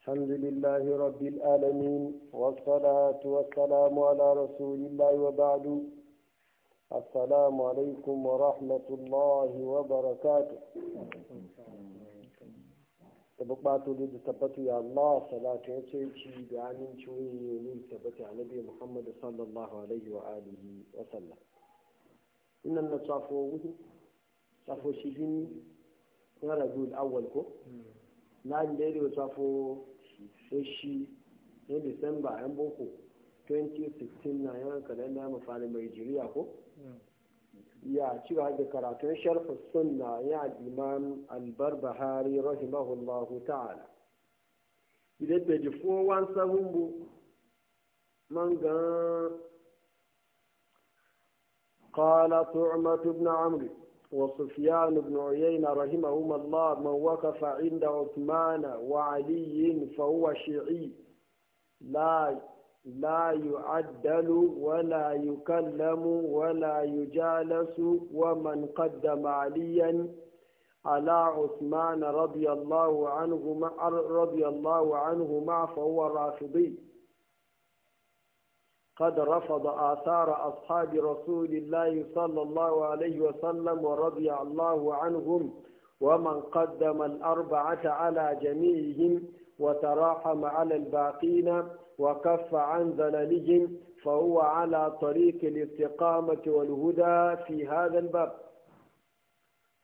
الحمد لله رب العالمين والصلاة والسلام على رسول الله وبعد السلام عليكم ورحمة الله وبركاته تبقبات لدى يا الله صلاة وسيكي بعنين شوي تبقى على نبي محمد صلى الله عليه وآله وسلم إن النصافو صافو شيجيني نرى الأول كو láàrin lẹ́rìí òṣàfo shi ní december yan boko 2016 na yan kalenda mafari jiriya ko ya ci gaba da karatun sharfa sunna ya imam albarbahari rahimahullahu ta'ala idan da ji 417 bu man ga قال طعمة بن عمرو وسفيان بن عيينة رحمهما الله من وقف عند عثمان وعلي فهو شيعي لا لا يعدل ولا يكلم ولا يجالس ومن قدم عليا على عثمان رضي الله عنهما رضي الله عنهما فهو رافضي قد رفض آثار أصحاب رسول الله صلى الله عليه وسلم ورضي الله عنهم ومن قدم الأربعة على جميعهم وتراحم على الباقين وكف عن زللهم فهو على طريق الاستقامة والهدى في هذا الباب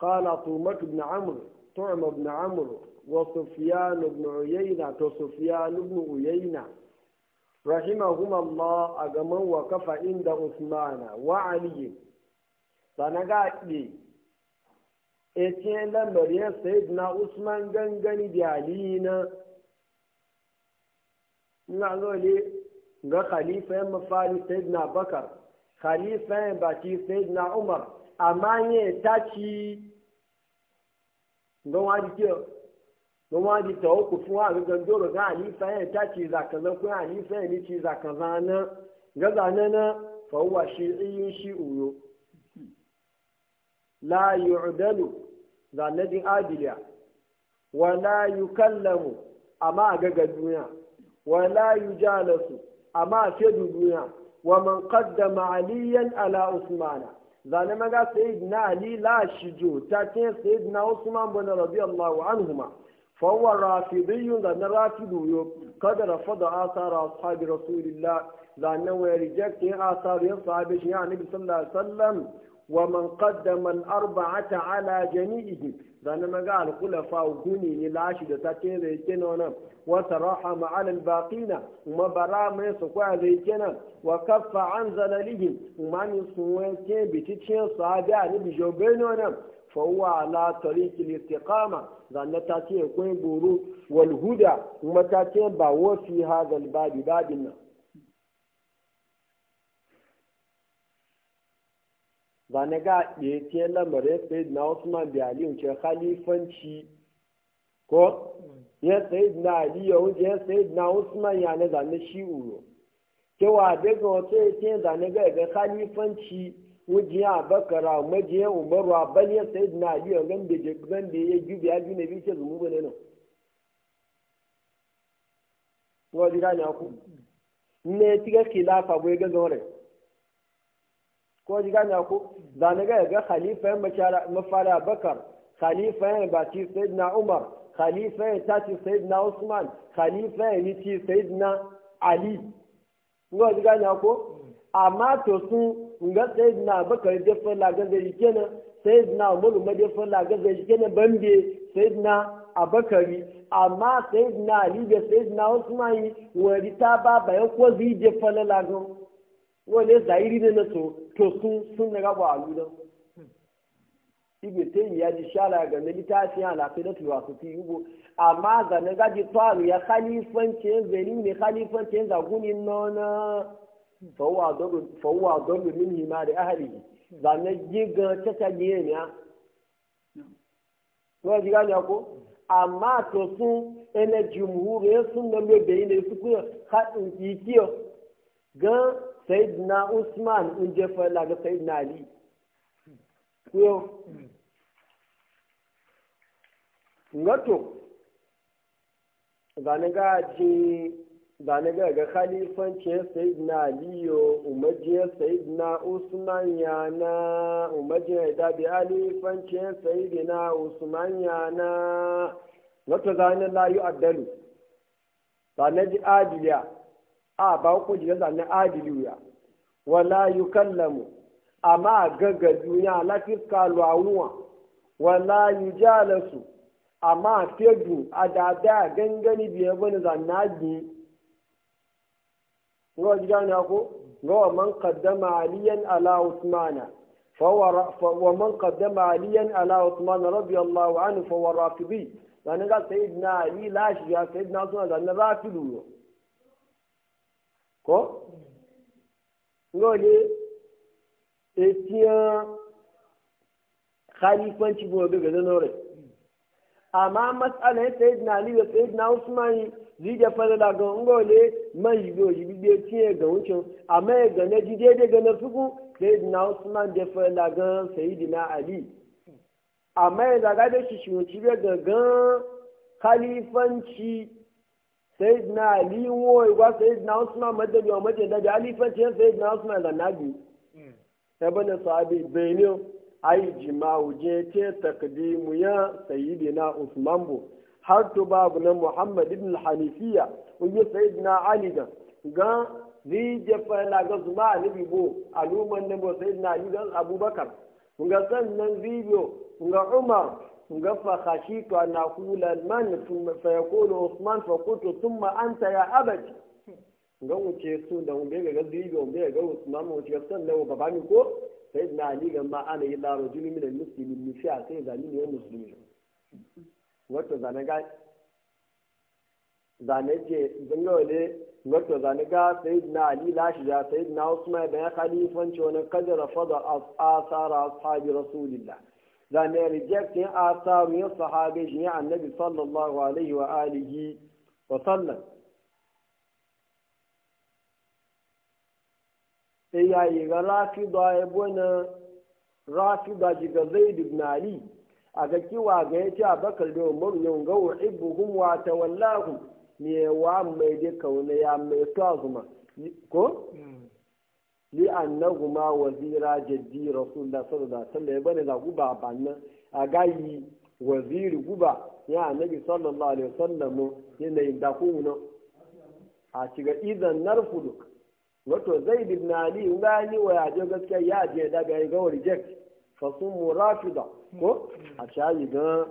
قال طومة بن عمرو طعم بن عمرو وسفيان بن عيينة وسفيان بن عيينة rahimahuma Allah a gaman wa kafa inda Usmana wa Aliyu sana ga e lambar ya sayid na Usman gangani da Aliyu na ina zole ga khalifayen mafari sayid na Bakar khalifayen baki sayid na Umar amma nye ta ci ga wani mo máa di tọ́wọ́ kò fún wa gangan dóòrò gan ànífẹ́ yẹn tá ti ìzà kan lọ́kùn ànífẹ́ yẹn ní ti ìzà kan zan ná gẹ́gà náná fọwọ́ wa ṣe iye ṣe òro láàyò ọ̀dẹ́lù zanadi adìlẹ̀ wà láàyò kálẹ̀mù àmà àgàgà dúnyà wà láàyò jálẹ̀sù àmà àṣẹ́dù dúnyà wà mọ̀ kàdàmà àlíyàn àlà òsùmàlà zanamaga sayid na ali la shijo ta ce sayid na usman bin rabi allahu anhuma fawwa rafi biyun da na rafi duyo kada rafa asa asara ashabi rasulillah da na wa reject yin asara yin sahabi shi ya nabi sallallahu alaihi wa man qaddama al arba'ata ala jami'ihi da na maga al khulafa guni ni da ta ce zai ce non wa saraha ma al baqina ma bara mai zai ce wa kaffa an zalalihim ma ni sun wa ce bi a nabi jobe فهو على طريق istiqama لأن ta ce بورو goro وما huda kuma ta ce ba بابنا fi ga ɗaya lamarin na Usman bi Aliyu ce khalifanci ko ya sayid na Aliyu ya sayid na Usman ya shi uro cewa daga wata ya ce ga khalifanci wajiya bakara majiya umaru abal ya sayi na aliyu gan da gan da ya biya ya juna bi ce zumu bane nan wa jira ne ku ga tiga khilafa boye ga gore ko ji ne ku da ne ga ga khalifa ya mafara mafara bakar khalifa ya ba ci na umar khalifa ya ta ci na usman khalifa ya ni ci na ali ko jiga ne ku amma to sun nga sayid na bakar jefa lagar zai yake nan sai na umaru ma jefa lagar da yake nan bambe sayid na abakari amma sayid na ali da sayid na usmani wani ta ba bayan ko zai jefa lagar wani zairi ne na so to sun sun na gaba a ludan ibe sai ya ji shara ga na litafiya lafiyatu wasu fi yugo amma ga na gaji faru ya khalifancin zari ne khalifancin zagunin nona fawwa dobe min hima da ahali ba na giga ta tabiye ne ya ko ji gani ko amma to sun ene jumhur ya sun da lobe ne su ku hadin kikiyo ga sayyidina usman in Usman fa la ga sayyidina ali ko ngato ga ne ga ji ba na ga ga khalifancin sayyidina aliyo umajiyar sayyidina usman yana umajiyar da bi alifancin sayyidina usman yana wata zanen layu addalu ba na ji adiliya a ba ku ji zane adiliya wala yi kallamu amma gaga duniya lafiska lawuwa wala yi jalasu amma fedu a dada gangani biyar wani zanagi nga wa jiga na ko nga man qaddama aliyan ala usmana fa wa wa man qaddama aliyan ala usman usmana radiyallahu anhu fa wa rafidi wani ga sayyidina ali la shi ya sayyidina suna da na rafidu ko nga wa ne etiyan khalifanci bu ga ga na rai amma matsalar sayidina ali da na usmani zija falala ga ngole man yi go yi be tiye ga wucin amma ya ga na jide da ga na suku sayidina usman da falala ga sayidina amma ya zaga da shi shi wuci be ga ga khalifanci sayidina ali wo wa sayidina usman da khalifanci ai jima'u je ce takdimu ya sayyidina Usman bu har to babu na Muhammad ibn Hanifiya unyi sayyidina Ali da ga ni fa na ga zuma annabi bo aluman ne bo sayyidina Ali da Abubakar kun ga sannan video kun ga Umar kun ga fa to ana kula man thumma fa yaqulu Usman fa qultu thumma anta ya abati kun ga wuce su da mun ga ga video mun ga Usman mun ga sannan ba ba ni ko sai na ali ga ma ana yi laro jini minan musulmi a sai zani ne musulmi wato zane zane ga sai ali lashi ya sai na usman da ya khalifanci na kadara fada asara ashabi rasulillah zane reject yin asaru yin sahabe shi annabi sallallahu alaihi wa ya yi ga rafida ya bona rafida ji ga zaid ibn ali a ga kiwa ga ya ce abakar da umar yau ga uhibbuhum wa tawallahum ne wa mai da kauna ya mai tazuma ko hmm. li annahuma wazira jaddi rasulullah sallallahu alaihi wasallam ya bane da guba banna a gayi waziri guba ya annabi sallallahu alaihi wasallam yanayin da kuna a shiga idan narfuduk wato zai bi ali in ga wa je gaskiya ya je daga ya ga wari jek fa sun ko a shayi ga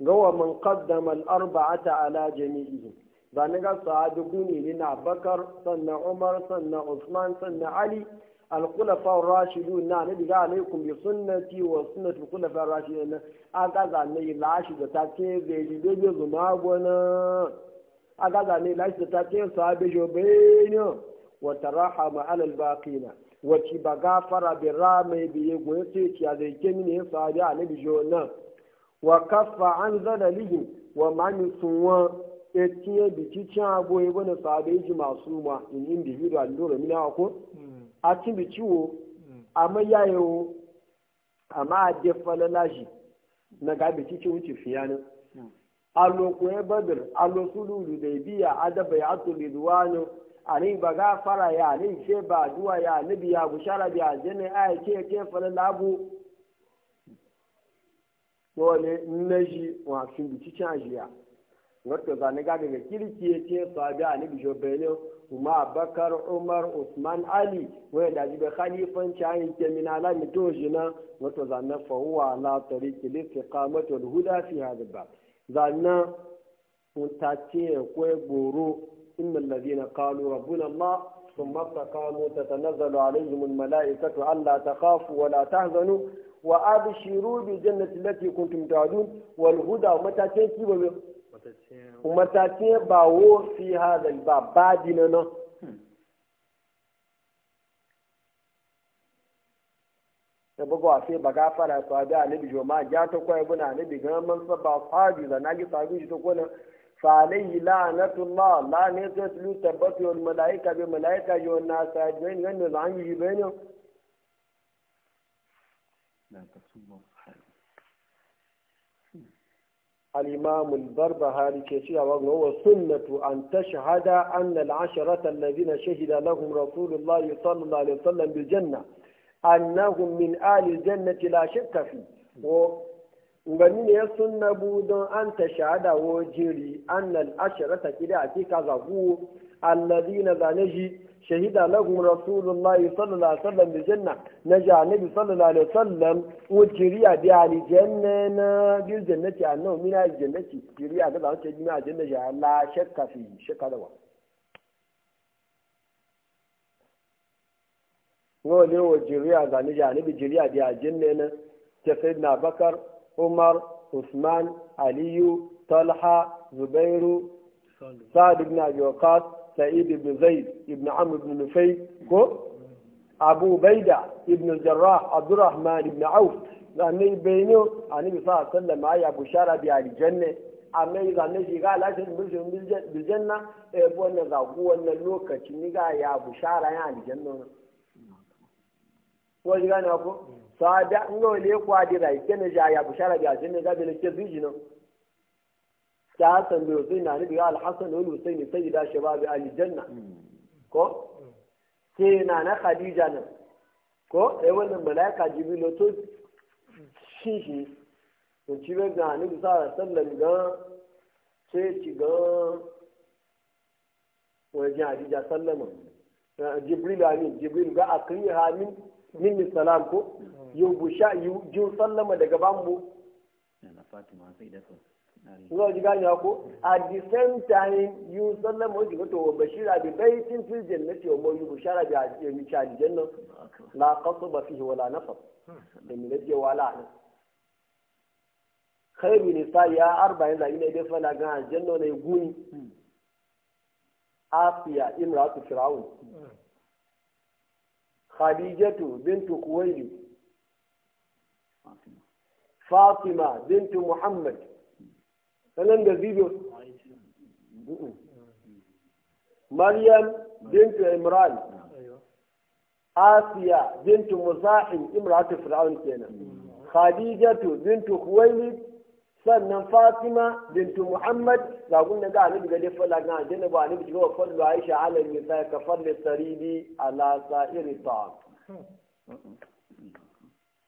ga wa man qaddama al arba'ata ala jami'ihi ba ni ga sahabi ni na bakar sanna umar sanna usman sanna ali al khulafa ar rashidun na nabi ga alaikum bi sunnati wa sunnati khulafa ar rashidun aka ga ne lashi da ta ke zai bi zuma gona aga ne lashi ta ce sahabe jobeniyo wa tarahama alal baqina wace ba gafara bi rame bi ya ti ti ale a zai ke mini ale bi jo na wa kafa an zana wa mani sunwa ya e bi ci e abu ya sa sahabe ji masu ma in individual dole na ko a cin bi ciwo a mai amma a jefa lalashi na gabe ci ci wuce fiyanin alokuye da alo ludaibiya adaba ya atu lidwanu ani baga fara ya ani ce ba duwa ya nabi ya gushara bi ajene ay ke ke fara labu dole naji wa shin bici chajiya wato za ni gaga ga kirki ya ce sahabi ani bi jobele kuma bakar umar usman ali wai da jibe khalifan chayi ke min ala mitojina wato za fa huwa la tariqi li istiqamati wal huda fi hadha bab zanna mutace ko goro inna alladhina qalu rabbuna allah thumma taqamu tatanazzalu alaihim almalaikatu alla takhafu wa la tahzanu wa abshiru bi jannati allati kuntum ta'dun wal huda mutace ki ba ba wo fi hadha albab badina da bugu a sai ba gafara su abi annabi joma ja ta koyi buna annabi ga man saba sabi da nagi sabi shi ta kona fa alayhi la'natullah la ne ta tulu tabbatu wal malaika bi malaika yo na sa jin nan da an yi bayan الإمام البربهاري كثيرا وهو سنة أن تشهد أن العشرة الذين شهد لهم رسول الله صلى الله عليه وسلم بالجنة annahum min alil jannati la shakka fi ko ngani ne sunna bu don an ta shahada wo jiri annal asharata kida hakika zagu alladina zanaji shahida lahum rasulullahi sallallahu alaihi wasallam bil janna naja nabi sallallahu alaihi wasallam wo jiriya bi ali jannana bil jannati annahu min al jannati jiriya da zan ce jina janna la shakka fi shakka da wa ngo ne wa jiriya ga ni ja ni bi jiriya da jinne na ta sayyidina bakar umar usman aliyu talha zubairu sa'd ibn abi waqas sa'id ibn zaid ibn amr ibn nufay ko abu baida ibn jarrah abdurrahman ibn auf zanne bayno annabi sallallahu alaihi wasallam ya bushara bi aljanna amma yi zane shi ga lashin bishin biljanna e wannan zaku wannan lokaci ni ga ya bushara ya aljanna ko ji gane ko sada ngo le ko adira ikene ja ya bushara ga jin ga bele ke zuji no ta hasan bi usain na nabi al hasan wal usain sayyida shabab al janna hmm. ko sai hmm. na na khadija nan ko eh wannan malaika jibril to shi shi to ci ga nabi sallallahu alaihi sallan ga sai ci ga wajen hadija sallama jibril amin jibril ga akriha min minni salam ko yau sha yau jin sallama daga bambu zuwa ji gani ko A the same time yu sallama wajen wato wa bashira bi baitin fil jannati wa mu bushara bi ajiyar eh, cha janna la ba fihi wala nafar da min yaje wala an khairu nisa ya arba'in la ina da fala ga janna ne guni hmm. afiya imratu fir'aun hmm. khadijatu bintu kuwaili fatima bintu muhammad sanan da zibo maryam bintu imran asiya bintu musa'in imratu fir'aun kenan khadijatu bintu kuwaili sannan fatima bintu muhammad ga gunda ga annabi ga da fala ga da ba annabi ga fallu aisha ala sai ka fallu saridi ala sa'iri ta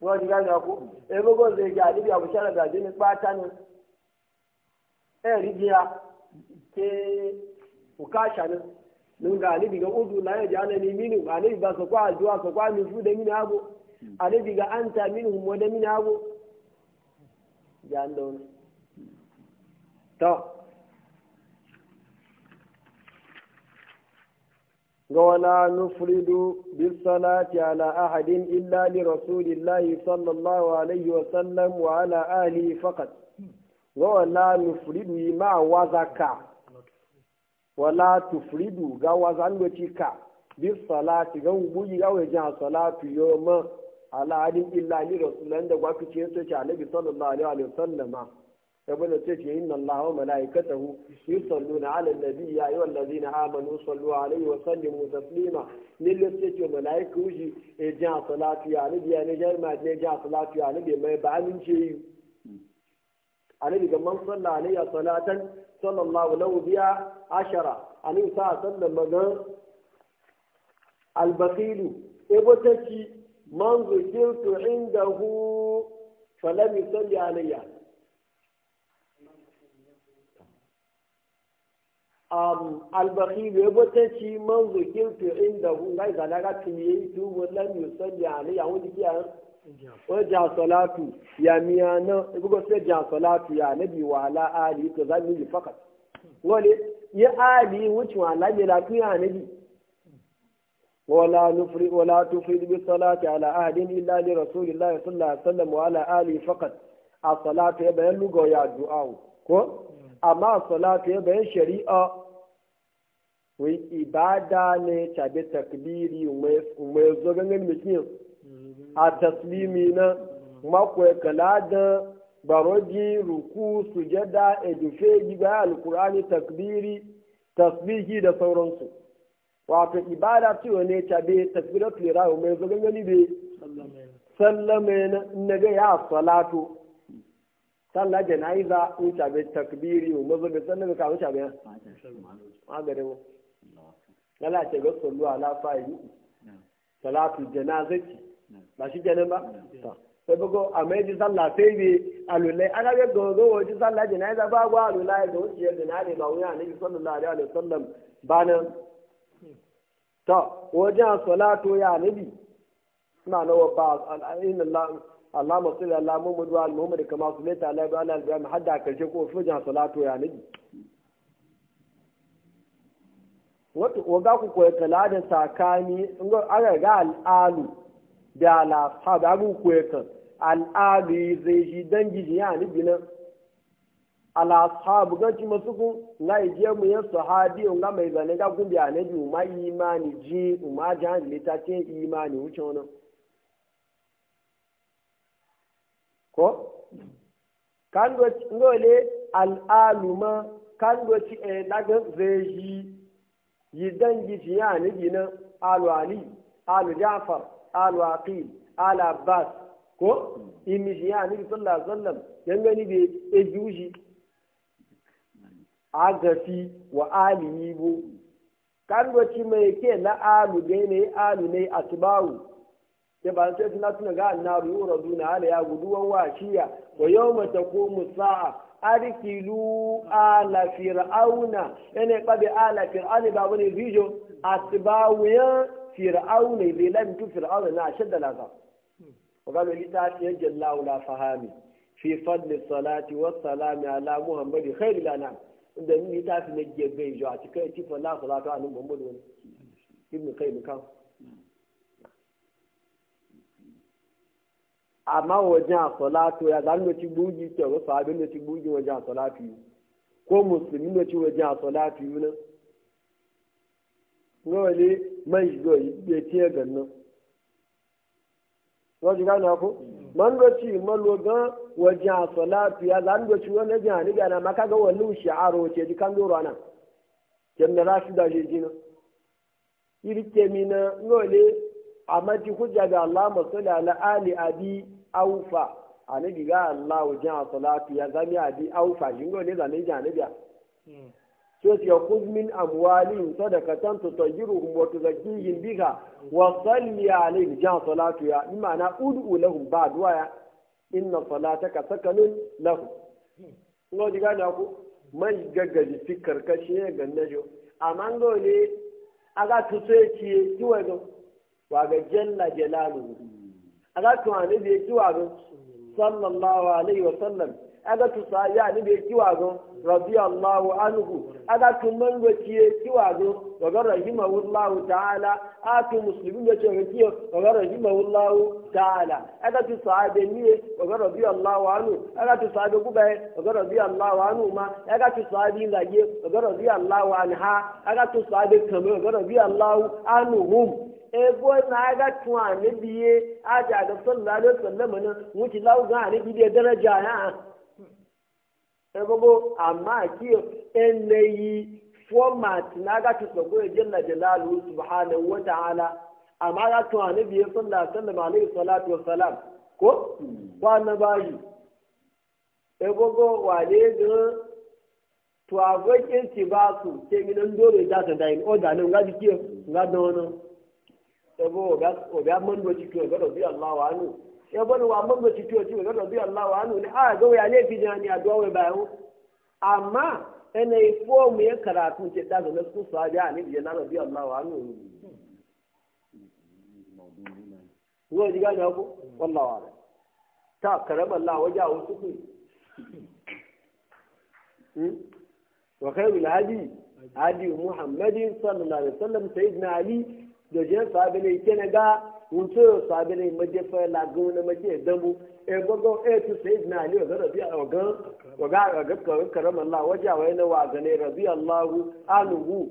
wa ji e, ga ku e ba go zai ga bi abu shara ga ba ta ne e rijiya ke sha ne nun ga annabi ga udu la ya ja ni minu ni ba su kwa addu'a su kwa nufu da mini abu bi ga anta minhum wa da mini abu jaan doon to nga wala ahadin illa li rasulillahi sallallahu sallam ala ahlihi faqat nga wala nufridu ma wazaka wala ga wazan ka bisalati ga wubuyi ga wajen salatu yoma ala adin illa ni rasulan da gwafi ce yace ce annabi sallallahu alaihi wa sallama sabana ce ce inna allaha wa malaikatahu yusalluna ala nabi ya ayyuha allazina amanu sallu alaihi wa sallimu taslima ni le ce ce malaiku ji e ja salatu ya nabi ya ne ma ne ja salatu ya nabi mai ba amin ce yi annabi ga man salla alaihi salatan sallallahu lahu biya ashara annabi sa sallama ga albaqilu e botacci man zukirtu indahu falam yusalli alayya um albakhil yabata ci man zukirtu indahu ngai zana ga timiyi tu wallan yusalli alayya wani kiyan wajen salatu ya miya na ibugo sai salatu ya nabi wa ala ali to zan yi fakat wale ya ali wuce wa ala mai lafiya nabi ولا نفرد ولا تفرد بالصلاة على أحد إلا لرسول الله صلى الله عليه وسلم وعلى آله فقط الصلاة يبين لغة يا دعاء كو أما الصلاة يبين شريعة wai ibada ne tabi takbiri mai zo gangan a taslimi na makwai kala da baroji ruku sujada edufe alkurani takbiri tasbihi da sauransu wato ibada ce wani ta be tafiyar tulira wa mai zagan gani be sallame na ga ya salatu sallah jana'iza in ta be takbiri wa mazaga sallame ka wuce bayan magarin lala ce ga sallu ala fa'i salatu janazati ba shi janan ba sai bugo a mai ji sallah sai be alulai ana ga gogo wa ji sallah jana'iza ba gwa alulai ga wuce ne ba wuya ne sallallahu alaihi wasallam ba nan o wajen salatu ya nabi ina na wabba al'ayin Allah masu Allah Muhammadu wa Muhammadu kama su leta Allah ba Allah Ibrahim har da karshe ko sojan salatu ya nabi ga ku koyi kala da sakani in aga ga al'alu da la da ku koyi kan al'alu zai shi dangi ya nabi na. ala ashabu ci masu kun nga ije mu yan sahabi nga mai zane ga kun biya ne ma imani ji ma jan lita ce imani wuce wani ko kan do ngole al aluma kan do ci e daga zeji ya ne bi na alu ali alu jafar alu aqil al abbas ko imi ji ya ne sallallahu alaihi wasallam yanga ni be ejuji Agati wa alihi bu kangoci mai ke na alu ga ne alu ne atbaru ke ba sai tuna tuna ga na annabi yuraduna ala ya guduwan washiya wa yawma taqumu sa'a arkilu ala fir'auna ene qabi ala fir'auna ba wani bijo ya fir'auna bi lam fir'auna na shadda laza wa ga lita ya jalla la fahami fi fadli salati wa salami ala muhammadi khairil anam da ni ta fi na gebe ijo a cikin kula ta ibn kan amma wajen salatu ya zan da ci bugi ke wasu abin da wajen a salatu ko musulmi da ci wajen a salatu yi wani man shigo ya ce gannan wajen gane ko man roci maloga wajen salatu ya zan roci wani jin hanibi ana maka ga wani shi'aro ce ji kan doro ana kem na rashi da shi jina iri kemi na ngole a mati hujja ga Allah masalli ala ali abi aufa hanibi ga Allah wajen salatu ya zami abi aufa shi ngole zanen jin hanibi hmm. sai ya kuz min amwalin sadakatan tutayyiruhum wa tuzakkihim biha wa salli alaihim ja salatu ya imana ud'u lahum ba du'a ya inna salataka sakanun lahum ngo diga na ku mai gaggaji fikar kashi ne ganna jo amma ngo ne aga tutse ci kiwa go wa ga jalla jalaluhu aga to bi kiwa go sallallahu alaihi wa sallam aga tu sahaya ni be kiwago radiyallahu anhu aga tu mango tiye kiwago wagar rahimahullahu ta'ala atu muslimin da cewa kiyo wagar rahimahullahu ta'ala aga tusa, sahabe ni wagar radiyallahu anhu aga tu sahabe kubai wagar radiyallahu anhu ma aga tu sahabi zage wagar radiyallahu anha aga ebo na biye aja sallallahu alaihi wasallam na lawo ga biye daraja sababu amma kiyo yi format na ga ta sabo ya jalla jalalu subhanahu wa ta'ala amma ga to annabi ya sallallahu alaihi wasallam alaihi ko ba hmm. na bayi e gogo wale ga to abokin ti ba su ke dole da ta dai o da nan ga ga ga o ga do ga Allah wa ya bani wa amma ah, ba cikiyo ci ga rabbi Allah wa anu ne a ga ya ne fi jani a duwa wai amma ene ifo mu ya karatu ce da ga su sa ja ne ya na ah, rabbi Allah wa anu wo diga ne ko wallahi wa ta karama Allah waja wa su ku wa khairul muhammadin sallallahu alaihi da wuce yau sabi ne maje fa lagun na maje dambu e etu e tu sai na ali ga rabi ga ga ga karam Allah waja wai na wa gane rabi Allahu anhu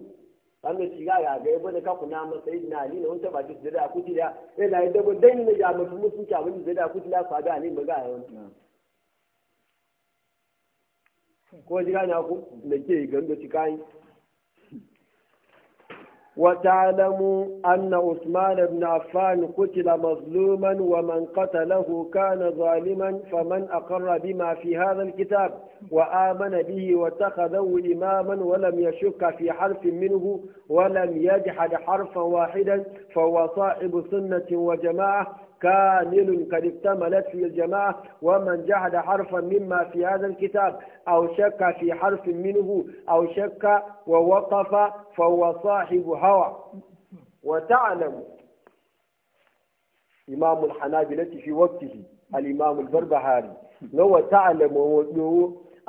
amma shi ga ga ga ibn ka kuna ma eh, na ali ne won ta ba ji da ku ti da e la da go dan ne ya mutum sun ta wani da ku ti da fa da ne maga yau ko na ku ke kai وتعلموا أن عثمان بن عفان قتل مظلوما ومن قتله كان ظالما فمن أقر بما في هذا الكتاب وآمن به واتخذه إماما ولم يشك في حرف منه ولم يجحد حرفا واحدا فهو صاحب سنة وجماعة كامل قد اكتملت في الجماعة ومن جحد حرفا مما في هذا الكتاب أو شك في حرف منه أو شك ووقف فهو صاحب هوى وتعلم إمام الحنابلة في وقته الإمام البربهاري لو تعلم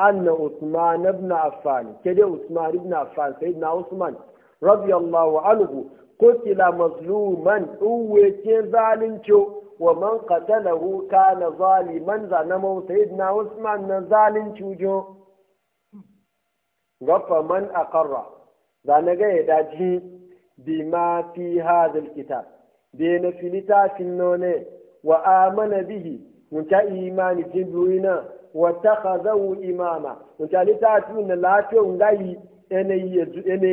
أن عثمان بن عفان كده عثمان بن عفان سيدنا عثمان رضي الله عنه kutila mazluman uwe ke zalunci wa man qatalahu kana zaliman na man sayyidina usman na zalunci jo gafa man aqarra zana ga ya daji bima fi hadhal kitab be na filita finnone wa amana bihi mun ta imani jin duina wa takhadahu imama mun ta litafin na lafiya ngai yanayi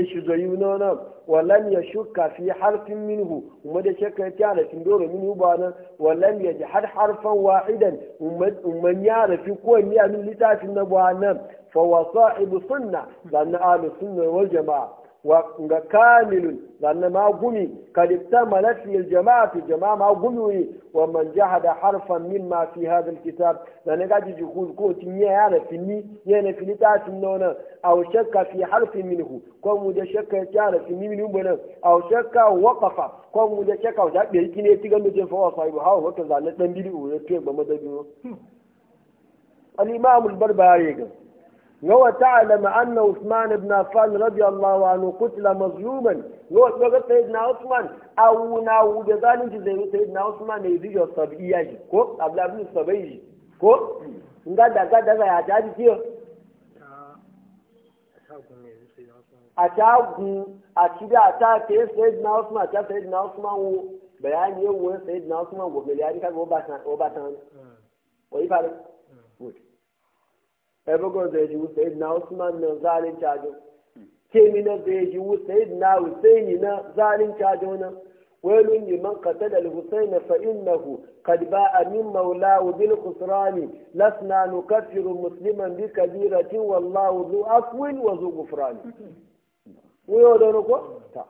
shi shiga yunanan, nan walam ya shuka fi harfin minhu kuma da shakka ta da tin dole minhu ba nan walam ya ji har harfan wa'idan, umma ya rafi kowanne ni a min na ba nan fa wa sahibu sunna dan ahlus sunna wal jamaa wa kamilun zanna ma gumi kadifta malafiyar jama'a fi jama'a ma gumi ne wa man jahada harfan min ma fi hadal kitab zanna gaji jihuz ko tin ya yana fini ya yana fini ta tin nona aw shakka fi harfin minhu ko mu da shakka ya yana fini min mu nan aw shakka waqafa ko mu da shakka da be kine tigan ga mutun fa wa sahibu hawa wata zanna dan bidi o ya tuba madabi hmm. al-imam al-barbari ga نو تعلم أن عثمان بن عفان رضي الله عنه قتل مظلوما نو لغة سيدنا عثمان أو ناو بذلك زي سيدنا عثمان يزيج الصبيعي كو قبل ابن الصبيعي كو ngada gada ga ya jaji kiyo a tagun a cibi a ta ke sayyidina usman a ta sayyidina usman wo bayani yau wo sayyidina usman gobe ebogo zai ji wusa idina usman na zalin cajo kemi na zai ji wusa idina husaini na zalin cajo na wailun liman qatala al-husayn fa innahu qad ba'a min mawlahu bil khusran lasna nukaffiru musliman bi kabiratin wallahu dhu afwin wa dhu ghufran wiyo da ko ta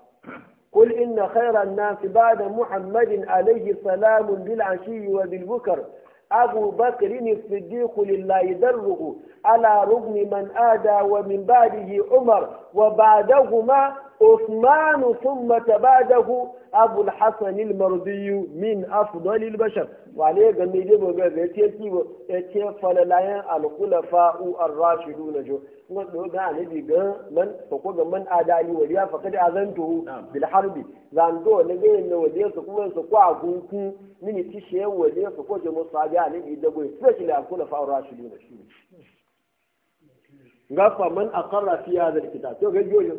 قل إن خير الناس بعد محمد عليه السلام بالعشي وبالبكر أبو بكر الصديق لله ذره على رغم من آدى ومن بعده عمر وبعدهما عثمان ثم تبعده أبو الحسن المرضي من أفضل البشر وعليه جميل بغير يتيب فللاين الخلفاء الراشدون جو wasu ga annabi ga man sako ga man adali waliya a kada azantu bil harbi zando ne ga yin waliya su kuma su kwa gunku mini tishe waliya su ko je musabi annabi da goyi especially al kula fa rashidun gafa man aqarra fi hadha al to ga jojo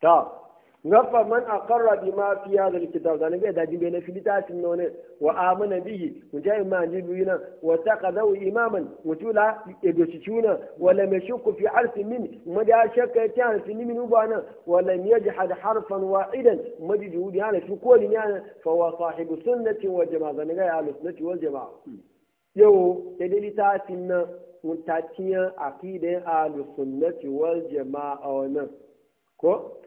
ta gafa man a aqarra bima fi hadha alkitab da na da jibe na filita tin none wa amana bihi mujahid biyu jibu yana wa taqadaw imaman mutula edochichuna wa lam yashku fi harfi min mada shakka ta harfi min ubana wa lam yajhad harfan wa wahidan madi juhudi ana fi kulli yana fa wa sahibu sunnati wa jamaa da nabi ya sunnati wal jamaa yau da ta tin na mutatiyan aqidan ahlus sunnati wal jamaa wannan ko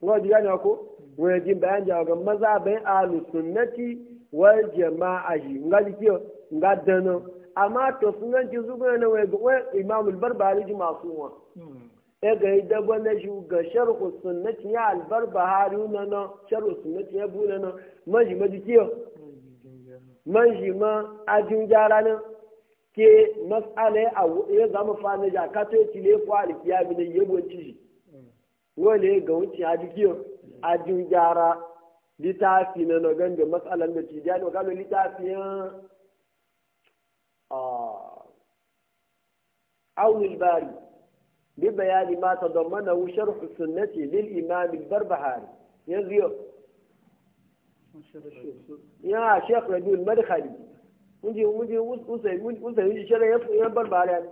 kuma ji ko wani jin bayan jawo ga maza ba alu sunnati wal jama'a ji nga ji kiyo nga amma to sunan ji zuwa na wai ga imam al-barbari ji masu wa hmm. e ga yi dabo na ga sharhu sunnati ya al na na sharhu sunnati ya bu na na ma ajin na ke mas'ala ya zama fa na jaka to ya cile na yabo ciji wale ga wuce a jikin jin gyara littafi na na da matsalan da tijani wa kano ya awul bari bi bayani ma ta zammana wu sharhu sunnati lil imam barbahari yanzu yau ya shekh rabi madkhali mun je mun je usai usai shi shara ya barbahari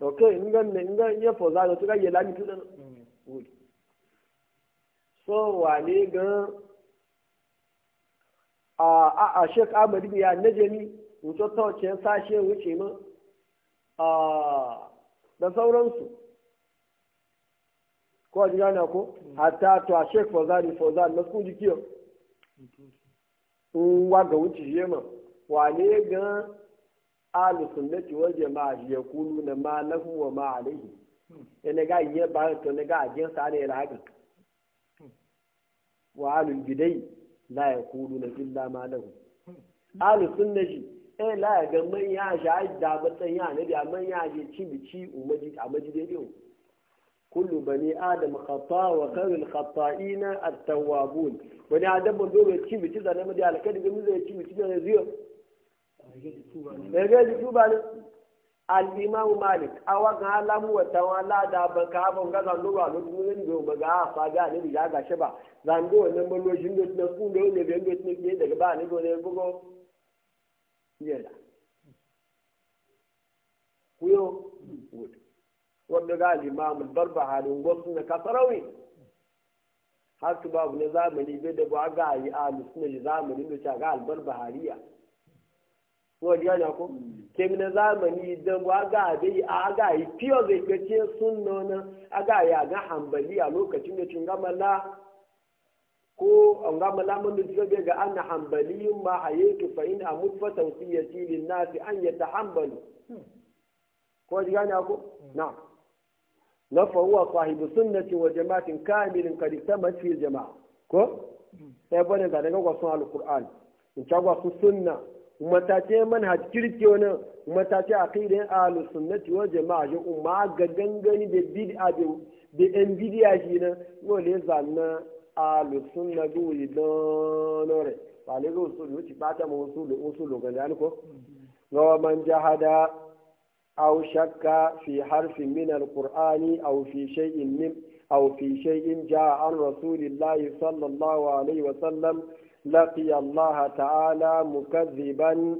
ok nga ne nga ye fo za to ga ye la ni tu dan mm. good so wa ne ga a a a shek ahmad bin ya najemi wuce to ce sashe wuce ma a da sauransu ko ji gane ko mm. hatta to a shek fo za ni fo za na kun ji kiyo mm, wa ga wuce yema ma, wani ga ahlu sunnati wal jama'a yaquluna ma lahu wa ma alayhi ene ga yi ba to ne ga je sa ne ga wa ahlu bidai la yaquluna illa ma lahu ahlu sunnati e la ga man ya sha da batsan ya da man ya je ci bici umaji a majide dai kullu bani adam khata wa khairul khata'ina at-tawwabun bani adam dole ci bici da namiji alkadi ga mu zai ci bici da zai daga jitu ba ne al'imamu malik a wakan alamu wata wala da ba ka hafa ga zando ba lokacin yin da ba ga hafa ga ne da ga shi ba zando wannan maloshin da na kun da ne biyan da ne biyan daga ba ne ko ne bugo yela kuyo wanda ga al'imamu barba halin wasu na kasarawi har su babu na zamani bai da ba ga yi a musulmi zamanin da ta ga albar bahariya wọ́n di ọ̀nà kó kèmí na zamani ìdánwò aga àdéyí aga yi piyo zai kẹtí sun nọ́nà aga a ga hambali a lokacin da cin gamala ko an gamala mun da ga ana hambali ma hayatu fa in amut fa tawsiyati na nas an yatahambalu ko di ọ̀nà kó na na fa huwa sahibu sunnati wa jama'atin kamilin qad tamat fi jama'a ko sai bane ga daga wasu alquran in ta wasu sunna matace manhaj kirki wani matace aqidan ahalus sunnati wa jamaa shi umma ga gangani da bid'a da da 'yan bid'a shi na wole zanna ahlus sunna go idonore wale go usul wuci bata mu usul usul ga dan ko wa man jahada aw shakka fi harfin min alqur'ani aw fi shay'in min aw fi shay'in jaa an rasulillahi sallallahu alaihi wa sallam لقي الله تعالى مكذبا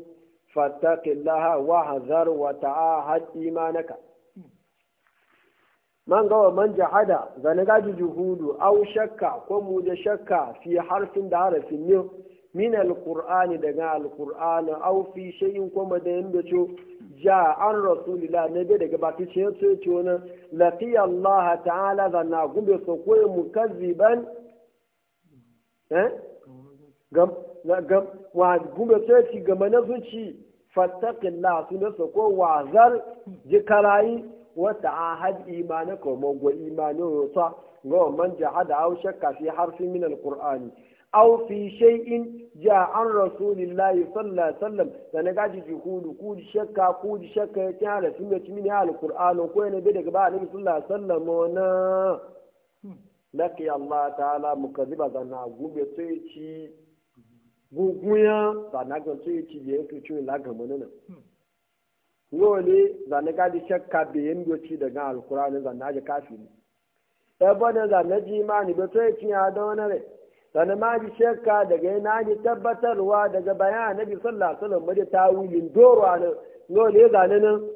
فاتق الله واحذر وتعاهد إيمانك من قوى من جحد زنقا جهود أو شك قمود شك في حرف دار في من القرآن دقاء القرآن أو في شيء قمد ينبتو جاء عن رسول الله نبي daga باكي ce ya ce ce wani lafiya Allah ta'ala wa gumbe tsoci game na zuci fattakin la suna na sako wazar jikarayi wata ahad imani ko magwa imani rota ga man jahada au shakka fi harfi min alqur'ani aw fi shay'in ja an rasulillahi sallallahu alaihi wasallam da na gaji juhudu ku shakka ku shakka ya kyan da sunna ci min alqur'ani ko ne bi daga ba annabi sallallahu alaihi wasallam na hmm. laki allah ta'ala mukazziba zanna gumbe tsoci gungunya ba na ga tsoye ci da yankin hmm. ciwon nuna nan lole zane gadi shakka biyan yin doci daga alkurani zane aji kafi ne ɗabba da zane ji imani ba tsoye ci ya da wani rai zane ma ji shakka daga yana ji tabbatarwa daga bayan na sallallahu alaihi wasallam bada ta wuyin doro a nan lole zane nan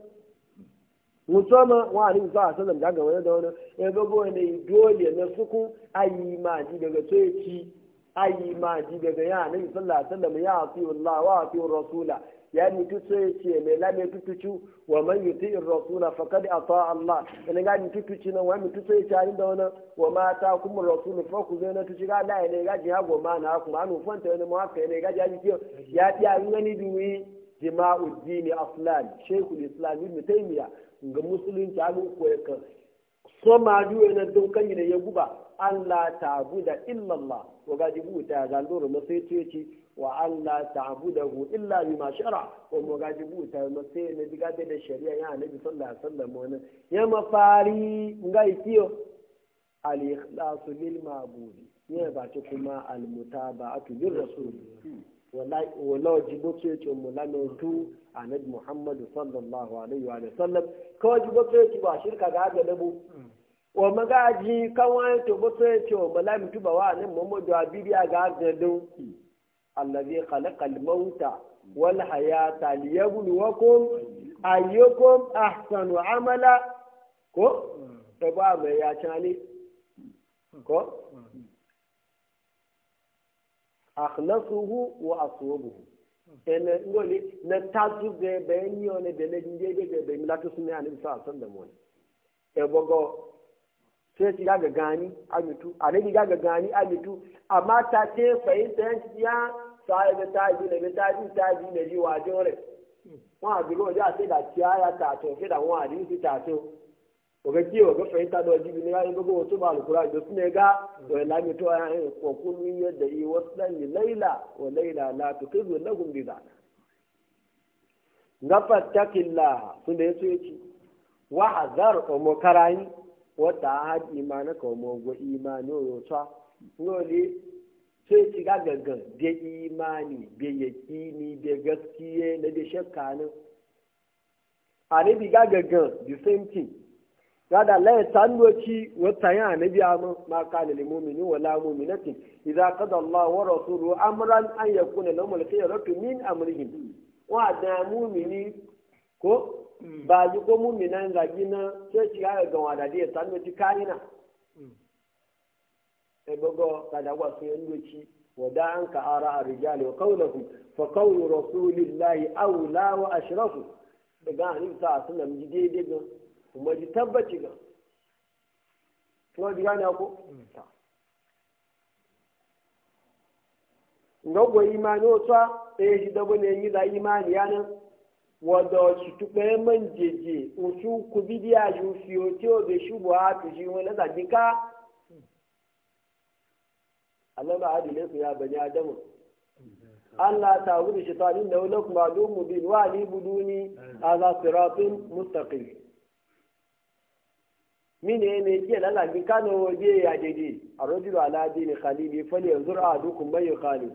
musamman wa annabi sallallahu alaihi wasallam daga wani da wani ya ga ne dole na suku ayi ma ji daga tsoye ci ayi ma ji daga ya nabi sallallahu alaihi wasallam ya atiu Allah wa atiu rasula ya ni tutu ce mai lame tutucu wa man yuti rasula faqad ata Allah ina ga ni tutuci na wa mi tutu ce ani da wannan wa ma ta kum rasul fa ku zai na tutu ga da ne ga ji hago ma na ku anu fanta ne ma haka ne ga ji ji ya ti an gani duwi jima'u dini aslan shaykhul islam ibn taymiya ga musulunci an ko ka so ma duwe na dokan da ya guba Allah ta'buda illa Allah wa ga jibu ta zandoro na sai tuci wa Allah hu illa ma shara wa mu ga ya masai na sai ne da shari'a ya annabi sallallahu alaihi wasallam wannan ya mafari ga ikiyo al ikhlasu lil ma'bud ya ba ta kuma al mutaba'atu lir rasul wala jibo ce ce mu lamantu annabi Muhammad sallallahu alaihi wa sallam ko jibo ce ba shirka ga da dabu wa magaji kawai to ba sai ce wa malami tuba wa nan muhammadu abidi a ga gadon allazi khalaqal mauta wal hayata liyabluwakum ayyukum ahsanu amala ko to ba mai ya cani ko akhlasuhu wa aswabuhu ene ngoli na tazu be be nyone de le ndede be be milatu sumi anabi sallallahu alaihi wasallam e bogo sai ci ga gani tu a nabi ga gani amitu amma ta ce fahimta yanci ya sai taa ta ji na taa ji taa ji na ji wa jore wọn àbúrò ọjọ àti ìdàtí àyà tààtò fídà wọn àdìyí sí tààtò òkè tí òkè yi lọ jíbi ní wáyé gbogbo wọn tó bá Nga takila kara wata haɗi imana ka mo go imani o ta ngoli sai ci ga gangan da imani da yakini da gaskiye na da shakka anabi ga gangan the same thing Rada la ya wata ya anabi amma ma kana lil mu'mini wala mu'minatin iza kada Allah wa rasuluhu amran an yakuna lahum al min amrihim wa da mu'mini ko Mm. ba ji ko muminan zagi na sai ci ga ga wada dia san ne tikani na e gogo kada wa su yando ci wada an ka ara arrijal wa qawluhum fa qawlu rasulillahi awla wa ashrafu daga hanin sa sunan ji daidai ga kuma ji tabbaci ga to ji gane ko mm. ngogwa imani otwa e eh, shi dabo ne yi da imani na. man òtútù pé mẹ́ń jèjì òtú kubidi àjò fi òtí òbí ṣubú àtúnṣe wọn lẹ́sàgbé ká. alama adìlẹ́ kò yá abẹ́lẹ́ adamu. Allah ta gudu shaitan inda wani kuma domu bin wa ni budu ni ala siratin mustaqim. mine ne ke lalabi kano waje ya dede a rajulu ala dini khalili fali yanzu a duk bayu khalili.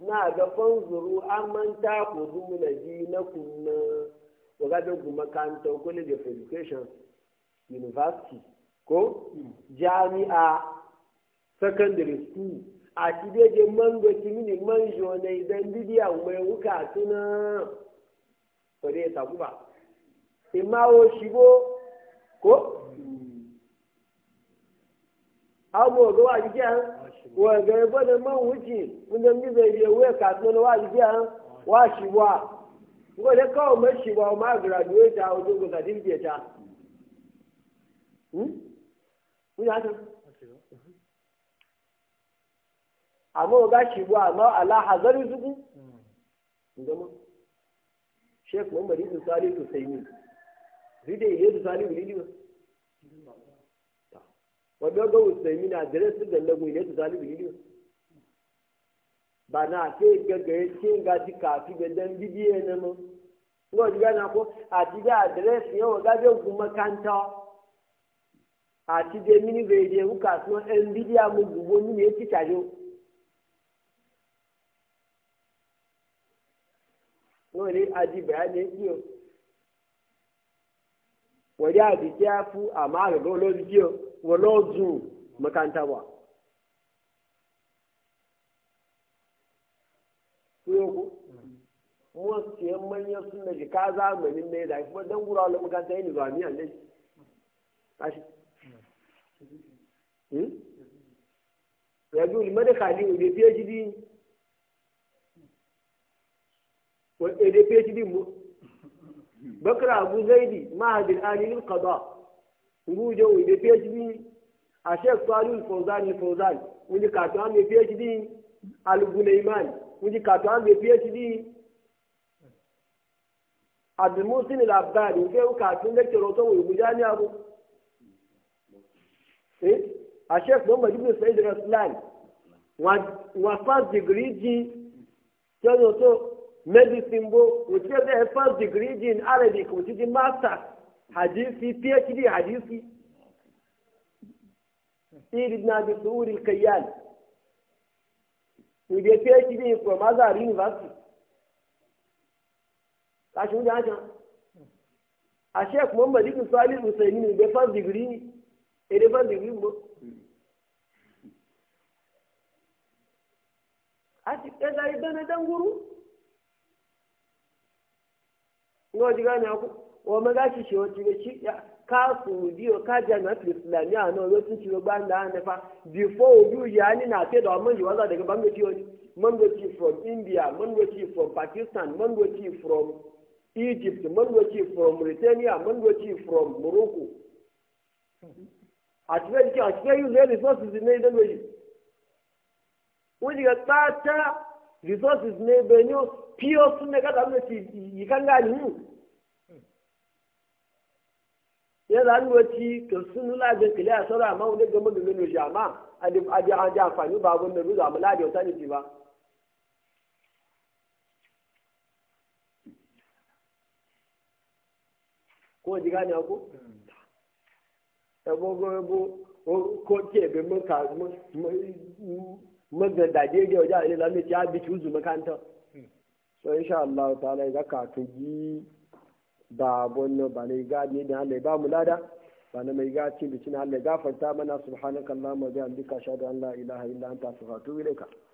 na ga fanzuru man ta ku duna ji na wa ga da kuma kanta college of education university ko hmm. jami'a secondary school a ti je man go mini man jo ne idan bidiya mai wuka tuna ko dai ta ma o shigo ko abu ga wa jiya wọ́n gẹ̀ ẹ́ wa shi wa jì ǹjẹ́ ní bẹ̀rẹ̀ ìwé ẹ̀ka tó ní wá ìdí à ń wá ta wọ́n lè kọ́ ọmọ ṣìwà ọmọ àgàràdúwẹ̀ta ojúgbò Ala àmọ́ ọba ṣìwà àmọ́ aláhàzọ́rí dúkú. ǹjọ́mọ́ sheikh muhammad isu sáré tó sẹ́yìn rídè ìlú sáré wìlílì wọn. wadda ga na dare su ga lagu ne su zalibi bidiyo ba na ce ga ji kafi na ko gana ko a ji ga adres ne wa a ci je mini bai je ku kasuwan ɗan bidiyo mu ni ne ci tajo ko a ji bayanin kiyo walo zu makanta ba ku mu siyan manyan suna shi ka zamanin ne da kuma dan gura wala makanta yi nizami a nan tashi rabi hmm? ulmada khali ode phd ode phd bakra abu zaidi mahadin alilin qada nguje wunde phd a sheikh salul fawzani fawzan wunde ambe phd al gunayman wunde kato ambe phd abdul musin al abbad wunde kato ne kero to wunde jani abu eh a sheikh muhammad ibn sa'id raslan wa first degree ji kero to medicine bo wunde first degree in arabic wunde masters hadisi PhD hadisi Sir ibn Abi Su'ud al-Kayyan ni da PhD from Azhar University ka shi da haka a Sheikh Muhammad ibn Salih Usaimin da first degree ni e da first degree mo a ti ɗaga idan na danguru? Ngo gane ku? wọ́n mẹ́ta ṣiṣẹ́ wọn ti retí káàkó òdi o kájà náà fi ìsìlámì àná ló tún ti gbá ńlá nípa bìfọ́ òbí òyà ní nàkédọ̀ ọmọ yìí wọ́n sàdégbé mọ́ngòtì òní mọ́ngòtì from india mọ́ngòtì from pakistan mọ́ngòtì from egypt mọ́ngòtì from mauritania mọ́ngòtì from morocco àtìfẹ́ yìí àtìfẹ́ yìí lé resources ní ẹ̀dẹ́ lóyè wọ́n ti kẹ́ pátá resources ní ẹ̀bẹ̀ ní pọ́s ní kátà mọ́tì yìí kángáàlì hù. ya za ni wati ka sunu la ga kile a sara ma wanda ga maga jama adi adi an amfani ba gun da ruza mu la da wata ne ba ko ji gani ko ke be ka da bi makanta hmm. so insha Allah ta'ala ba wannan ba na iga ne da Allah ya ba mu lada ba na mai gaci bikin Allah ya gafarta mana subhanakallahumma wa bihamdika ashhadu an la ilaha illa anta astaghfiruka wa atubu